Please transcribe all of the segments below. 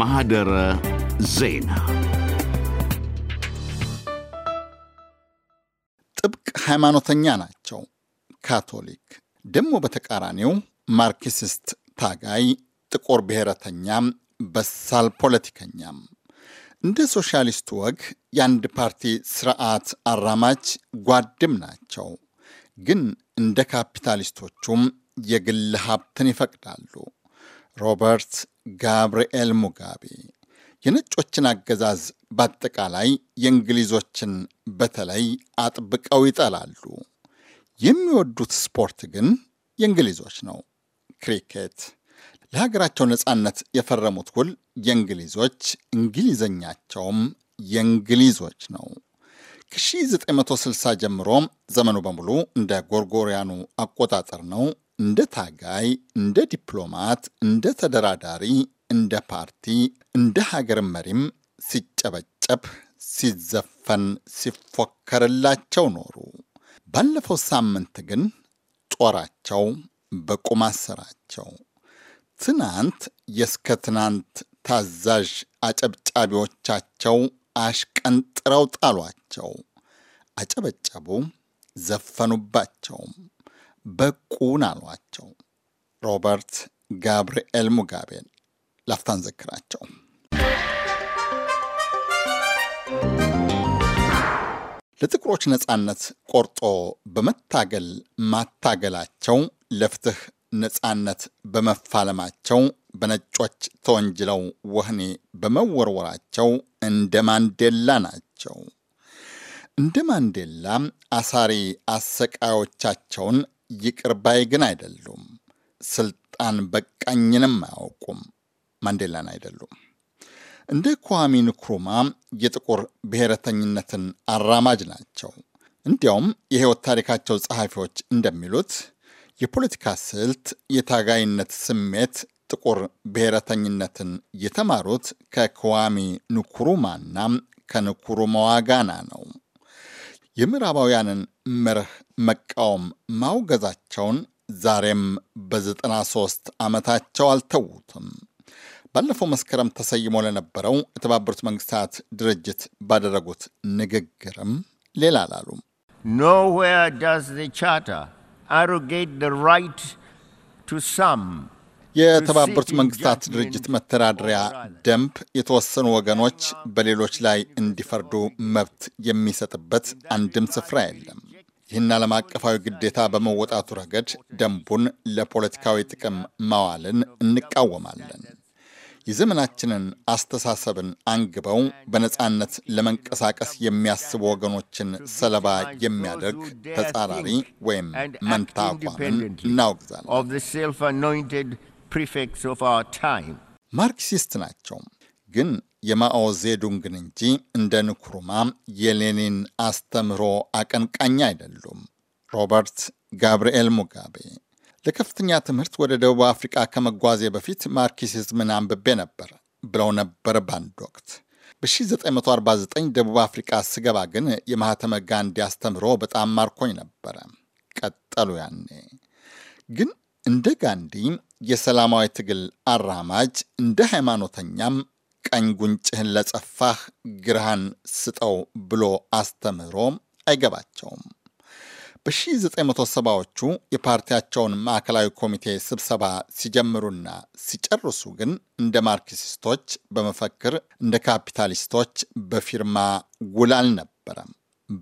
ማህደረ ዜና ጥብቅ ሃይማኖተኛ ናቸው። ካቶሊክ ደግሞ በተቃራኒው ማርክሲስት ታጋይ፣ ጥቁር ብሔረተኛም፣ በሳል ፖለቲከኛም እንደ ሶሻሊስቱ ወግ የአንድ ፓርቲ ስርዓት አራማጅ ጓድም ናቸው። ግን እንደ ካፒታሊስቶቹም የግል ሀብትን ይፈቅዳሉ። ሮበርት ጋብርኤል ሙጋቤ የነጮችን አገዛዝ በአጠቃላይ የእንግሊዞችን በተለይ አጥብቀው ይጠላሉ። የሚወዱት ስፖርት ግን የእንግሊዞች ነው፣ ክሪኬት። ለሀገራቸው ነፃነት የፈረሙት ውል የእንግሊዞች፣ እንግሊዘኛቸውም የእንግሊዞች ነው። ከ1960 ጀምሮ ዘመኑ በሙሉ እንደ ጎርጎሪያኑ አቆጣጠር ነው። እንደ ታጋይ፣ እንደ ዲፕሎማት፣ እንደ ተደራዳሪ፣ እንደ ፓርቲ፣ እንደ ሀገር መሪም ሲጨበጨብ፣ ሲዘፈን፣ ሲፎከርላቸው ኖሩ። ባለፈው ሳምንት ግን ጦራቸው በቁም አሰራቸው። ትናንት የእስከ ትናንት ታዛዥ አጨብጫቢዎቻቸው አሽቀንጥረው ጣሏቸው። አጨበጨቡ፣ ዘፈኑባቸውም። በቁን አሏቸው። ሮበርት ጋብርኤል ሙጋቤን ላፍታን ዘክራቸው። ለጥቁሮች ነፃነት ቆርጦ በመታገል ማታገላቸው ለፍትህ ነፃነት በመፋለማቸው በነጮች ተወንጅለው ወህኒ በመወርወራቸው እንደ ማንዴላ ናቸው። እንደ ማንዴላ አሳሪ አሰቃዮቻቸውን ይቅር ባይ ግን አይደሉም። ስልጣን በቃኝንም አያውቁም። ማንዴላን አይደሉም። እንደ ኳሚ ንክሩማ የጥቁር ብሔረተኝነትን አራማጅ ናቸው። እንዲያውም የሕይወት ታሪካቸው ጸሐፊዎች እንደሚሉት የፖለቲካ ስልት፣ የታጋይነት ስሜት ጥቁር ብሔረተኝነትን የተማሩት ከክዋሚ ንኩሩማና ከንኩሩማዋ ጋና ነው። የምዕራባውያንን መርህ መቃወም ማውገዛቸውን ዛሬም በ93 ዓመታቸው አልተዉትም። ባለፈው መስከረም ተሰይሞ ለነበረው የተባበሩት መንግስታት ድርጅት ባደረጉት ንግግርም ሌላ አላሉ። ኖዌር ዳስ ዘ ቻርተር አሮጌት ራይት ቱ ሳም የተባበሩት መንግስታት ድርጅት መተዳደሪያ ደንብ የተወሰኑ ወገኖች በሌሎች ላይ እንዲፈርዱ መብት የሚሰጥበት አንድም ስፍራ የለም። ይህን ዓለም አቀፋዊ ግዴታ በመወጣቱ ረገድ ደንቡን ለፖለቲካዊ ጥቅም ማዋልን እንቃወማለን። የዘመናችንን አስተሳሰብን አንግበው በነፃነት ለመንቀሳቀስ የሚያስቡ ወገኖችን ሰለባ የሚያደርግ ተጻራሪ ወይም መንታ አቋምን እናወግዛለን። prefects of our time. ማርክሲስት ናቸው ግን የማኦ ዜዱንግን እንጂ እንደ ንኩሩማ የሌኒን አስተምህሮ አቀንቃኝ አይደሉም። ሮበርት ጋብርኤል ሙጋቤ ለከፍተኛ ትምህርት ወደ ደቡብ አፍሪቃ ከመጓዜ በፊት ማርክሲዝምን አንብቤ ነበር ብለው ነበር በአንድ ወቅት። በ1949 ደቡብ አፍሪቃ ስገባ ግን የማህተመ ጋንዲ አስተምህሮ በጣም ማርኮኝ ነበረ። ቀጠሉ ያኔ ግን እንደ ጋንዲ የሰላማዊ ትግል አራማጅ እንደ ሃይማኖተኛም ቀኝ ጉንጭህን ለጸፋህ ግርሃን ስጠው ብሎ አስተምህሮ አይገባቸውም። በ1970ዎቹ የፓርቲያቸውን ማዕከላዊ ኮሚቴ ስብሰባ ሲጀምሩና ሲጨርሱ ግን እንደ ማርክሲስቶች በመፈክር እንደ ካፒታሊስቶች በፊርማ ውል አልነበረም።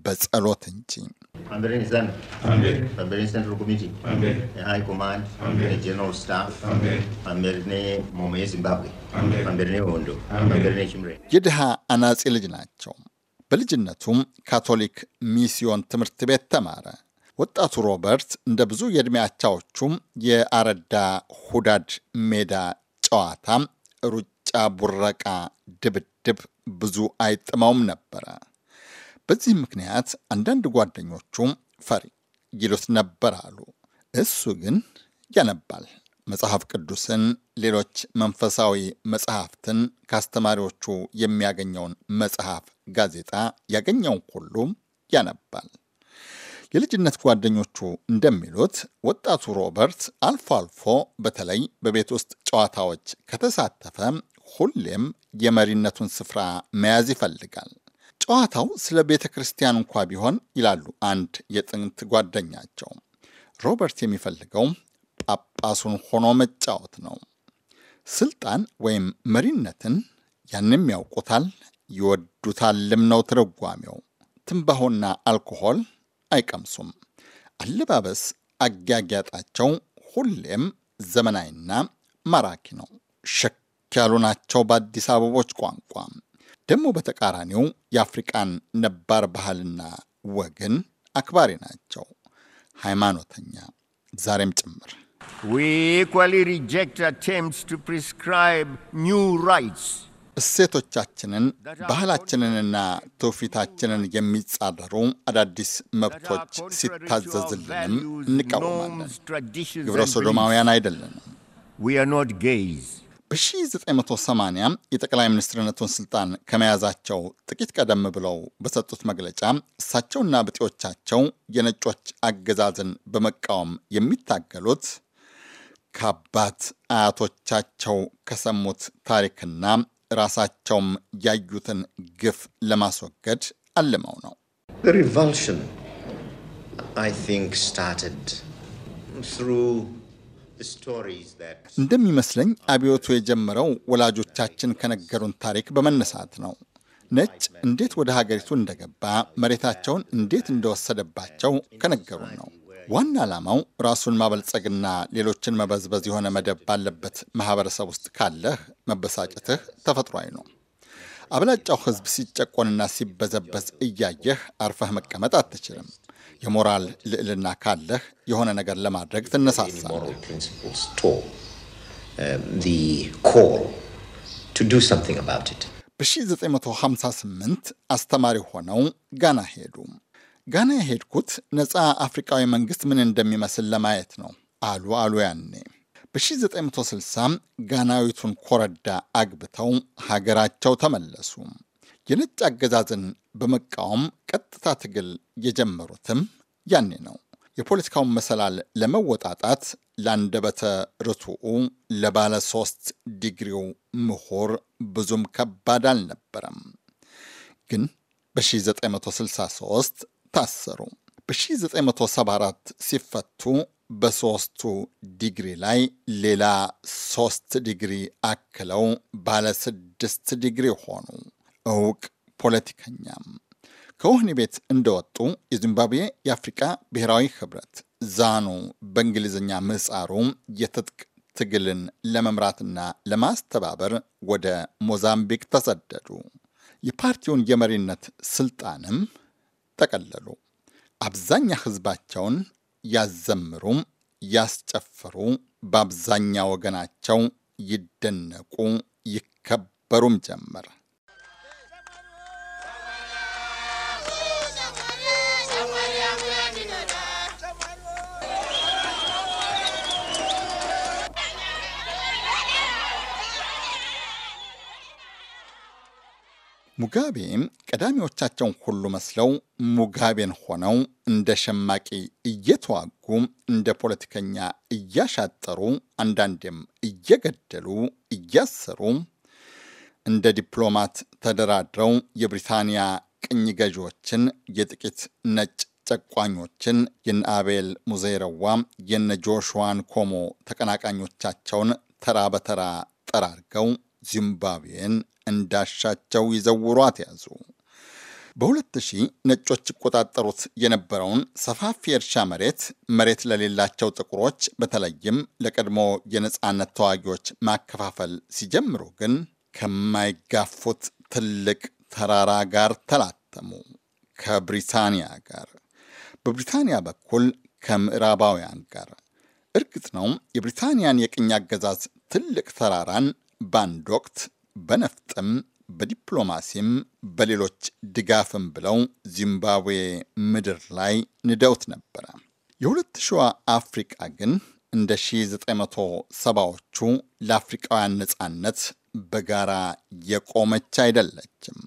በጸሎት እንጂ። የድሃ አናጺ ልጅ ናቸው። በልጅነቱም ካቶሊክ ሚስዮን ትምህርት ቤት ተማረ። ወጣቱ ሮበርት እንደ ብዙ የዕድሜ አቻዎቹም የአረዳ ሁዳድ ሜዳ ጨዋታ፣ ሩጫ፣ ቡረቃ፣ ድብድብ ብዙ አይጥመውም ነበረ። በዚህ ምክንያት አንዳንድ ጓደኞቹ ፈሪ ይሉት ነበር አሉ። እሱ ግን ያነባል መጽሐፍ ቅዱስን፣ ሌሎች መንፈሳዊ መጽሐፍትን፣ ከአስተማሪዎቹ የሚያገኘውን መጽሐፍ፣ ጋዜጣ ያገኘውን ሁሉ ያነባል። የልጅነት ጓደኞቹ እንደሚሉት ወጣቱ ሮበርት አልፎ አልፎ በተለይ በቤት ውስጥ ጨዋታዎች ከተሳተፈ ሁሌም የመሪነቱን ስፍራ መያዝ ይፈልጋል። ጨዋታው ስለ ቤተ ክርስቲያን እንኳ ቢሆን ይላሉ አንድ የጥንት ጓደኛቸው፣ ሮበርት የሚፈልገው ጳጳሱን ሆኖ መጫወት ነው። ስልጣን ወይም መሪነትን ያንም ያውቁታል ይወዱታልም ነው ትርጓሜው። ትንባሆና አልኮሆል አይቀምሱም። አለባበስ አጋጋጣቸው ሁሌም ዘመናዊና ማራኪ ነው። ሸክ ያሉ ናቸው በአዲስ አበቦች ቋንቋ። ደግሞ በተቃራኒው የአፍሪቃን ነባር ባህልና ወግን አክባሪ ናቸው። ሃይማኖተኛ ዛሬም ጭምር እሴቶቻችንን ባህላችንንና ትውፊታችንን የሚጻረሩ አዳዲስ መብቶች ሲታዘዝልንም እንቃወማለን። ግብረ ሶዶማውያን አይደለንም። በ1980 የጠቅላይ ሚኒስትርነቱን ስልጣን ከመያዛቸው ጥቂት ቀደም ብለው በሰጡት መግለጫ እሳቸውና ብጤዎቻቸው የነጮች አገዛዝን በመቃወም የሚታገሉት ከአባት አያቶቻቸው ከሰሙት ታሪክና ራሳቸውም ያዩትን ግፍ ለማስወገድ አልመው ነው። እንደሚመስለኝ አብዮቱ የጀመረው ወላጆቻችን ከነገሩን ታሪክ በመነሳት ነው። ነጭ እንዴት ወደ ሀገሪቱ እንደገባ መሬታቸውን እንዴት እንደወሰደባቸው ከነገሩን ነው። ዋና ዓላማው ራሱን ማበልጸግና ሌሎችን መበዝበዝ የሆነ መደብ ባለበት ማህበረሰብ ውስጥ ካለህ መበሳጨትህ ተፈጥሯዊ ነው። አብላጫው ህዝብ ሲጨቆንና ሲበዘበዝ እያየህ አርፈህ መቀመጥ አትችልም። የሞራል ልዕልና ካለህ የሆነ ነገር ለማድረግ ትነሳሳለህ። um, በ1958 አስተማሪ ሆነው ጋና ሄዱ። ጋና የሄድኩት ነፃ አፍሪካዊ መንግስት ምን እንደሚመስል ለማየት ነው አሉ አሉ ያኔ በ1960 ጋናዊቱን ኮረዳ አግብተው ሀገራቸው ተመለሱ። የነጭ አገዛዝን በመቃወም ቀጥታ ትግል የጀመሩትም ያኔ ነው። የፖለቲካውን መሰላል ለመወጣጣት ለአንደበተ ርቱዑ ለባለ ሶስት ዲግሪው ምሁር ብዙም ከባድ አልነበረም። ግን በ1963 ታሰሩ። በ1974 ሲፈቱ በሶስቱ ዲግሪ ላይ ሌላ ሶስት ዲግሪ አክለው ባለ ስድስት ዲግሪ ሆኑ። እውቅ ፖለቲከኛም ከወህኒ ቤት እንደወጡ የዚምባብዌ የአፍሪቃ ብሔራዊ ህብረት ዛኑ በእንግሊዝኛ ምህፃሩ የትጥቅ ትግልን ለመምራትና ለማስተባበር ወደ ሞዛምቢክ ተሰደዱ። የፓርቲውን የመሪነት ስልጣንም ተቀለሉ። አብዛኛ ህዝባቸውን ያዘምሩ፣ ያስጨፍሩ፣ በአብዛኛ ወገናቸው ይደነቁ፣ ይከበሩም ጀመር። ሙጋቤ ቀዳሚዎቻቸውን ሁሉ መስለው ሙጋቤን ሆነው እንደ ሸማቂ እየተዋጉ እንደ ፖለቲከኛ እያሻጠሩ አንዳንዴም እየገደሉ እያሰሩ እንደ ዲፕሎማት ተደራድረው የብሪታንያ ቅኝ ገዢዎችን የጥቂት ነጭ ጨቋኞችን የነ አቤል ሙዜረዋ የነ ጆሹዋን ኮሞ ተቀናቃኞቻቸውን ተራ በተራ ጠራርገው ዚምባብዌን እንዳሻቸው ይዘውሯት ያዙ። በ2000 ነጮች ይቆጣጠሩት የነበረውን ሰፋፊ የእርሻ መሬት መሬት ለሌላቸው ጥቁሮች በተለይም ለቀድሞ የነፃነት ተዋጊዎች ማከፋፈል ሲጀምሩ ግን ከማይጋፉት ትልቅ ተራራ ጋር ተላተሙ። ከብሪታንያ ጋር፣ በብሪታንያ በኩል ከምዕራባውያን ጋር። እርግጥ ነው የብሪታንያን የቅኝ አገዛዝ ትልቅ ተራራን በአንድ ወቅት በነፍጥም በዲፕሎማሲም በሌሎች ድጋፍም ብለው ዚምባብዌ ምድር ላይ ንደውት ነበረ። የሁለት ሺዋ አፍሪቃ ግን እንደ 97 ዎቹ ለአፍሪቃውያን ነጻነት በጋራ የቆመች አይደለችም።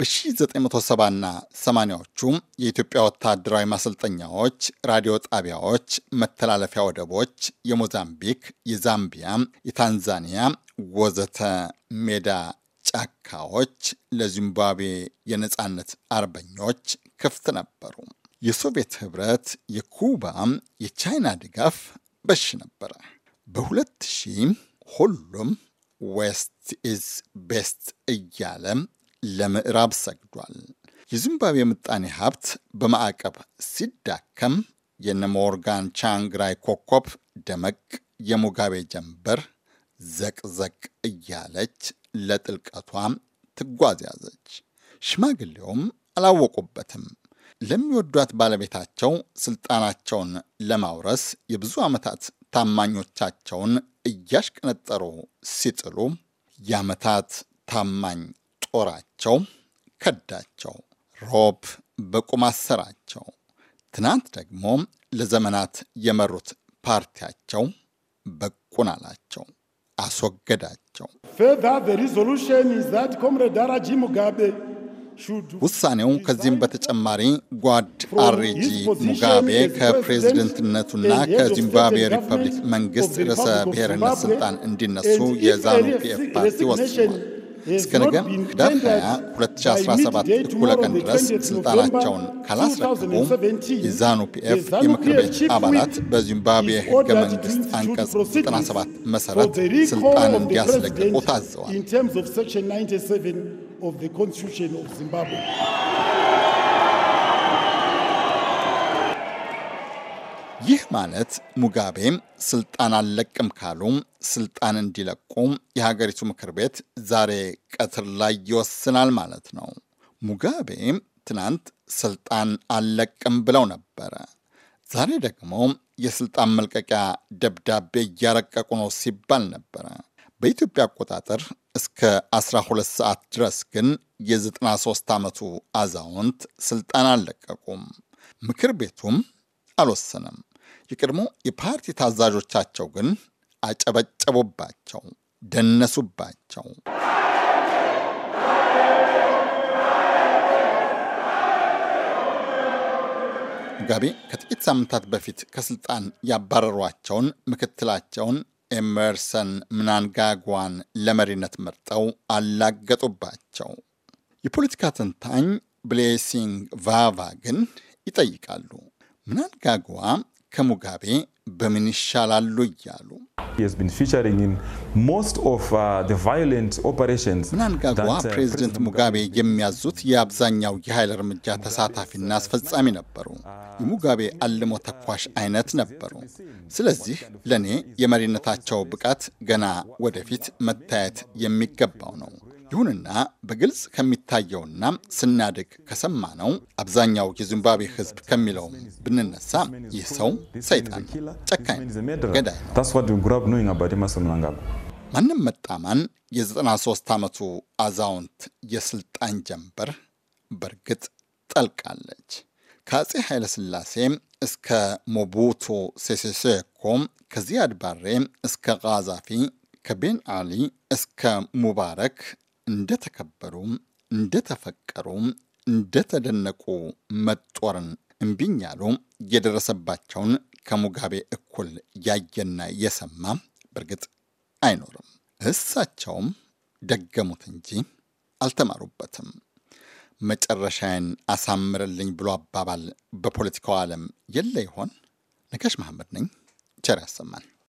በ1970ና 80ዎቹ የኢትዮጵያ ወታደራዊ ማሰልጠኛዎች፣ ራዲዮ ጣቢያዎች፣ መተላለፊያ ወደቦች፣ የሞዛምቢክ፣ የዛምቢያ፣ የታንዛኒያ ወዘተ ሜዳ ጫካዎች ለዚምባብዌ የነፃነት አርበኞች ክፍት ነበሩ። የሶቪየት ህብረት፣ የኩባም የቻይና ድጋፍ በሽ ነበረ። በ በ2000 ሁሉም ዌስት ኢዝ ቤስት እያለ ለምዕራብ ሰግዷል። የዚምባብዌ ምጣኔ ሀብት በማዕቀብ ሲዳከም የነሞርጋን ቻንግራይ ኮከብ ደመቅ፣ የሙጋቤ ጀንበር ዘቅዘቅ እያለች ለጥልቀቷ ትጓዝ ያዘች። ሽማግሌውም አላወቁበትም። ለሚወዷት ባለቤታቸው ስልጣናቸውን ለማውረስ የብዙ ዓመታት ታማኞቻቸውን እያሽቀነጠሩ ሲጥሉ የዓመታት ታማኝ ጦራቸው ከዳቸው፣ ሮብ በቁም አሰራቸው። ትናንት ደግሞ ለዘመናት የመሩት ፓርቲያቸው በቁን አላቸው፣ አስወገዳቸው። ውሳኔው ከዚህም በተጨማሪ ጓድ አሬጂ ሙጋቤ ከፕሬዝደንትነቱና ከዚምባብዌ ሪፐብሊክ መንግስት ርዕሰ ብሔርነት ስልጣን እንዲነሱ የዛኑ ፒኤፍ ፓርቲ ወስኗል። እስከ ነገ ህዳር 20 2017 እኩለ ቀን ድረስ ስልጣናቸውን ካላስረከቡ የዛኑ ፒኤፍ የምክር ቤት አባላት በዚምባብዌ ህገ መንግስት አንቀጽ 97 መሰረት ስልጣን እንዲያስለቅቁ ታዘዋል። ይህ ማለት ሙጋቤም ስልጣን አልለቅም ካሉም ስልጣን እንዲለቁም የሀገሪቱ ምክር ቤት ዛሬ ቀትር ላይ ይወስናል ማለት ነው። ሙጋቤም ትናንት ስልጣን አልለቅም ብለው ነበረ። ዛሬ ደግሞ የስልጣን መልቀቂያ ደብዳቤ እያረቀቁ ነው ሲባል ነበረ። በኢትዮጵያ አቆጣጠር እስከ 12 ሰዓት ድረስ ግን የ93 ዓመቱ አዛውንት ስልጣን አልለቀቁም፣ ምክር ቤቱም አልወሰነም። የቀድሞ የፓርቲ ታዛዦቻቸው ግን አጨበጨቡባቸው፣ ደነሱባቸው። ሙጋቤ ከጥቂት ሳምንታት በፊት ከስልጣን ያባረሯቸውን ምክትላቸውን ኤመርሰን ምናንጋጓን ለመሪነት መርጠው አላገጡባቸው። የፖለቲካ ተንታኝ ብሌሲንግ ቫቫ ግን ይጠይቃሉ። ምናንጋጓ ከሙጋቤ በምን ይሻላሉ እያሉ uh, ምናንጋጓ uh, ፕሬዚደንት ሙጋቤ የሚያዙት የአብዛኛው የኃይል እርምጃ ተሳታፊና አስፈጻሚ ነበሩ። የሙጋቤ አልሞ ተኳሽ አይነት ነበሩ። ስለዚህ ለእኔ የመሪነታቸው ብቃት ገና ወደፊት መታየት የሚገባው ነው። ይሁንና በግልጽ ከሚታየውና ስናድግ ከሰማ ነው አብዛኛው የዚምባብዌ ሕዝብ ከሚለውም ብንነሳ ይህ ሰው ሰይጣን፣ ጨካኝ፣ ገዳይ ነው። ማንም መጣማን የ93 ዓመቱ አዛውንት የስልጣን ጀንበር በእርግጥ ጠልቃለች። ከአጼ ኃይለሥላሴ እስከ ሞቡቱ ሴሴሴኮ ከዚያድ ባሬ እስከ ቃዛፊ ከቤን አሊ እስከ ሙባረክ እንደተከበሩ፣ እንደተፈቀሩ፣ እንደተደነቁ መጦርን እምቢኝ ያሉ የደረሰባቸውን ከሙጋቤ እኩል ያየና የሰማ በእርግጥ አይኖርም። እሳቸውም ደገሙት እንጂ አልተማሩበትም። መጨረሻዬን አሳምርልኝ ብሎ አባባል በፖለቲካው ዓለም የለ ይሆን? ነጋሽ መሐመድ ነኝ። ቸር ያሰማን።